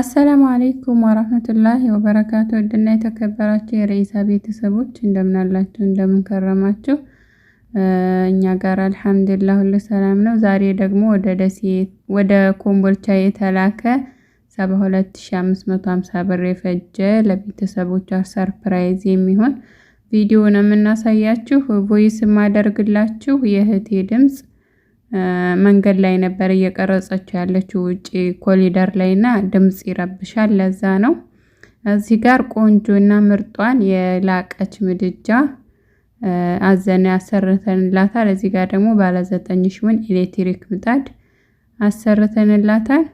አሰላሙ አሌይኩም ወራህመቱላሂ ወበረካቱ። ውድና የተከበራችሁ የረኢሳ ቤተሰቦች እንደምናላችሁ፣ እንደምንከረማችሁ እኛ ጋር አልሐምዱላ ሁሉ ሰላም ነው። ዛሬ ደግሞ ወደ ደሴ ወደ ኮምቦልቻ የተላከ 72550 ብር የፈጀ ለቤተሰቦች ሰርፕራይዝ የሚሆን ቪዲዮ ነው የምናሳያችሁ። ቮይስ የማደርግላችሁ የእህቴ ድምፅ መንገድ ላይ ነበር እየቀረጸችው ያለችው ውጪ ኮሊደር ላይ እና ድምፅ ይረብሻል። ለዛ ነው። እዚህ ጋር ቆንጆና ምርጧን የላቀች ምድጃ አዘን አሰርተንላታል። እዚህ ጋር ደግሞ ባለ ዘጠኝ ሽውን ኤሌክትሪክ ምጣድ አሰርተንላታል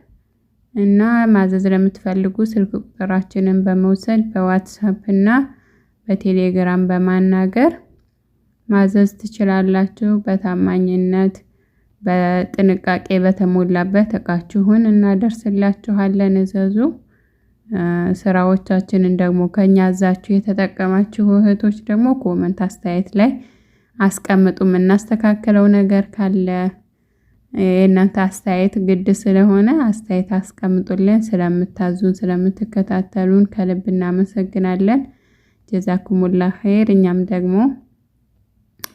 እና ማዘዝ ለምትፈልጉ ስልክ ቁጥራችንን በመውሰድ በዋትሳፕ እና በቴሌግራም በማናገር ማዘዝ ትችላላችሁ በታማኝነት በጥንቃቄ በተሞላበት እቃችሁን እናደርስላችኋለን። እዘዙ። ስራዎቻችንን ደግሞ ከኛ እዛችሁ የተጠቀማችሁ እህቶች ደግሞ ኮመንት አስተያየት ላይ አስቀምጡ። የምናስተካክለው ነገር ካለ የእናንተ አስተያየት ግድ ስለሆነ አስተያየት አስቀምጡልን። ስለምታዙን፣ ስለምትከታተሉን ከልብ እናመሰግናለን። ጀዛኩሙላ ኸይር። እኛም ደግሞ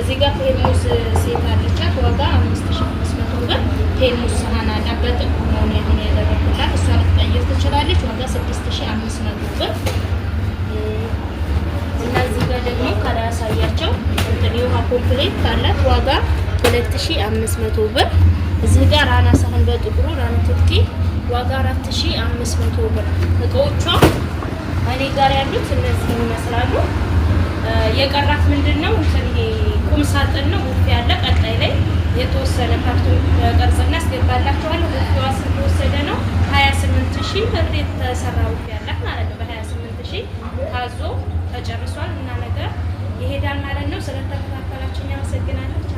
እዚህ ጋር ፌርሙስ ሴት አድርጋት ዋጋ አምስት ሺህ አምስት መቶ ብር ፌርሙስ ሰሃን አላት። በጥቁር ነው ይሁን እሷ ልትቀይር ትችላለች። ዋጋ ስድስት ሺህ አምስት መቶ ብር እና እዚህ ጋር ደግሞ ከላይ ያሳያቸው እንትን የውሃ ኮምፕሌት አላት። ዋጋ ሁለት ሺህ አምስት መቶ ብር እዚህ ጋር ራና ሳህን በጥቁሩ ራና ቱርኪ ዋጋ አራት ሺህ አምስት መቶ ብር። እቃዎቿ እኔ ጋር ያሉት እነዚህ ይመስላሉ። የቀራት ምንድን ነው እንትን ይሄ ቁም ሳጥን ነው ውፍ ያለ ቀጣይ ላይ የተወሰነ ካርቶን ቅርጽና አስገባላችኋለሁ። ውፍዋ ስለተወሰደ ነው ሀያ ስምንት ሺህ ብር የተሰራ ውፍ ያላት ማለት ነው። በሀያ ስምንት ሺህ ታዞ ተጨርሷል እና ነገር ይሄዳል ማለት ነው። ስለተከታተላችሁ አመሰግናለሁ።